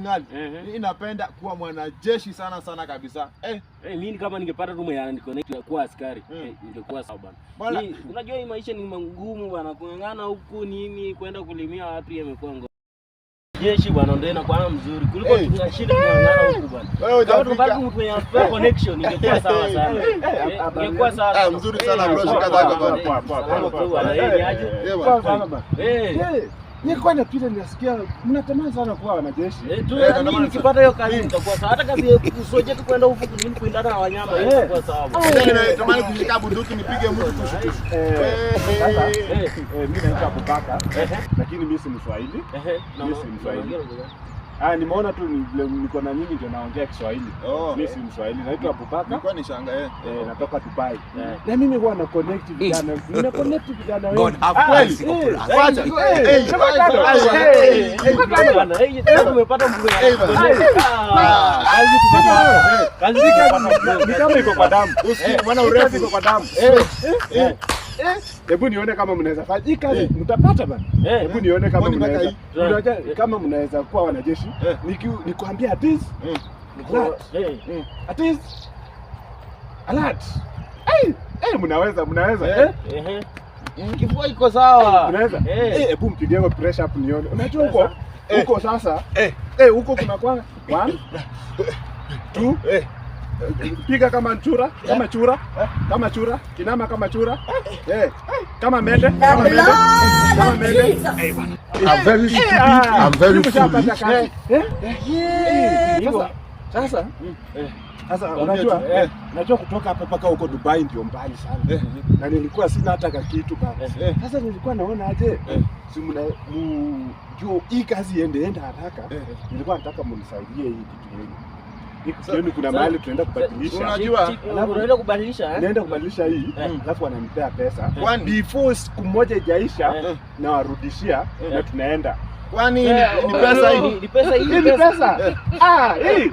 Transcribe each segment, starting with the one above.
Uh-huh. Inapenda kuwa mwanajeshi sana sana kabisa. Eh, hey, mimi kama ningepata tu mwenye connect ya kuwa askari, hmm. eh, ningekuwa sawa bana. Ni, unajua hii maisha ni magumu bana, kung'ang'ana huku nini kwenda kulimia watu yamekuwa ngo. Jeshi bwana ndio inakuwa mzuri kuliko hey. hey. kung'ang'ana huku bana. Wewe unataka kupata mtu mwenye anapewa connection ingekuwa sawa sana. Ingekuwa sawa Mzuri sana bro, shikamoo kwa kwa kwa. Eh, aje. Eh, Nilikuwa napita nasikia mnatamani sana kuwa wanajeshi. Eh, tu eh, mimi nikipata hiyo kazi nitakuwa sawa. Hata kama usoje tu kwenda huko mimi kuendana na wanyama nitakuwa eh. sawa. Eh. Natamani kushika bunduki nipige mtu kushutusha. Eh, mimi naitwa Abubakar. Lakini mimi si Mswahili. Mimi si Mswahili. Ah, nimeona tu niko na nyinyi ndio naongea Kiswahili. Oh, mimi si Mswahili, naitwa Abubaka. Nilikuwa ni shanga yeye. Eh, natoka Dubai. Na mimi huwa na connect vijana. Nina connect vijana wengi. God have mercy. Kwanza. Eh, bwana. Eh, tumepata mzuri. Eh, bwana. Kazi tupata. Kazi ni kama iko kwa damu. Usi, bwana urefu iko kwa damu. Eh. Eh. Eh, hebu nione kama mnaweza fanya hii kazi, eh. mtapata bana. Eh. Hebu nione kama mnaweza unajua kama mnaweza kuwa wanajeshi. Niki Nikwambia at least at least alert. Eh, eh, mnaweza mnaweza. Eh. Eh. Mm, kifua iko sawa. Mnaweza. Eh, hebu mpigie kwa pressure up nione. Unajua huko huko sasa eh, eh huko kuna kwa 1 2 eh piga kama nchura kama chura kama chura kinama kama chura eh, kama mende kama mende kama mende. Eh, I'm very eh, stupid, ah, I'm very foolish. Eh, sasa sasa unajua unajua kutoka hapa mpaka huko Dubai ndio mbali sana na nilikuwa sina hata kitu baba Sasa nilikuwa naona aje si mna mu juu hii kazi iende enda haraka nilikuwa nataka mnisaidie hii kitu hili yaani kuna mahali tunaenda kubadilisha. Unajua? Unaenda kubadilisha eh? Naenda kubadilisha hii, eh. alafu wananipea pesa. Before siku moja ijaisha eh. nawarudishia na eh. tunaenda. Kwani eh, ni oh, pesa oh, hii? Ni pesa hii. Ni pesa. Ah, hii.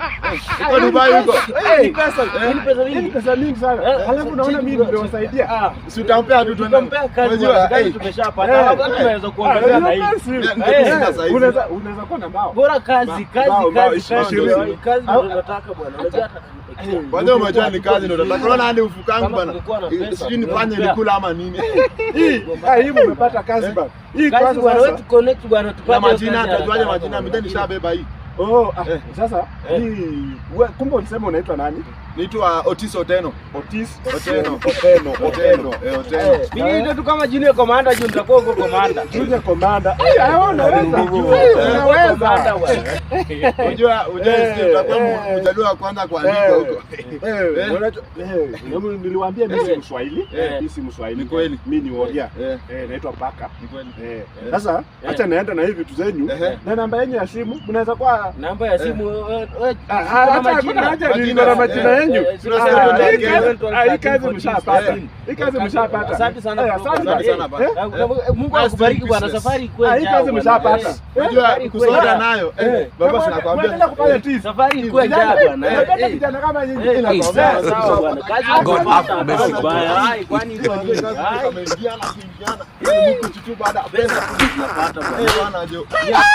Kwa Dubai huko. Ni pesa. Eh, ni pesa nyingi. Eh, ni pesa nyingi sana. Halafu naona mimi ndio wasaidia. Ah, si utampea tu tuende. Unajua, tumeshapata. Halafu tunaweza kuongezea ah, na hii. Unaweza unaweza kuwa na mbao. Bora kazi, kazi, kazi. Kazi ndio nataka bwana. Unajua kwanza umejua ni kazi ndio nataka. Unaona hadi ufukangu bwana. Sijui nifanye nikula ama nini. Hii, ah, hii umepata kazi bwana. Hii kazi bwana, wewe connect bwana tupate majina, tajuaje majina? Mimi nishabeba hii. Oh, ah, eh. Sasa eh. kumbe ulisema unaitwa nani? Naitwa Otis Oteno. Otis Oteno. Oteno, Oteno, eh, Oteno. Eh, mimi ndio eh. tu kama junior commander juu nitakuwa uko commander. Junior commander. Eh, unaweza. Unaweza. Unajua, unajua utakuwa mzaliwa wa kwanza kuandika huko. unajua niliwaambia mimi si Mswahili. Mimi si Mswahili. Ni kweli. Mimi ni Woria. Eh, naitwa Baka. Ni kweli. Eh. Sasa acha naenda na hivi vitu zenyu na namba yenyu ya simu mnaweza kwa namba ya simu eh. Eh, eh, na majina yenyu. Mungu akubariki bwana. Safari hii kazi mshapata, ah, unajua kusoda nayo baba, safari bwana. kama inakwambia sawa bwana, kazi basi kwani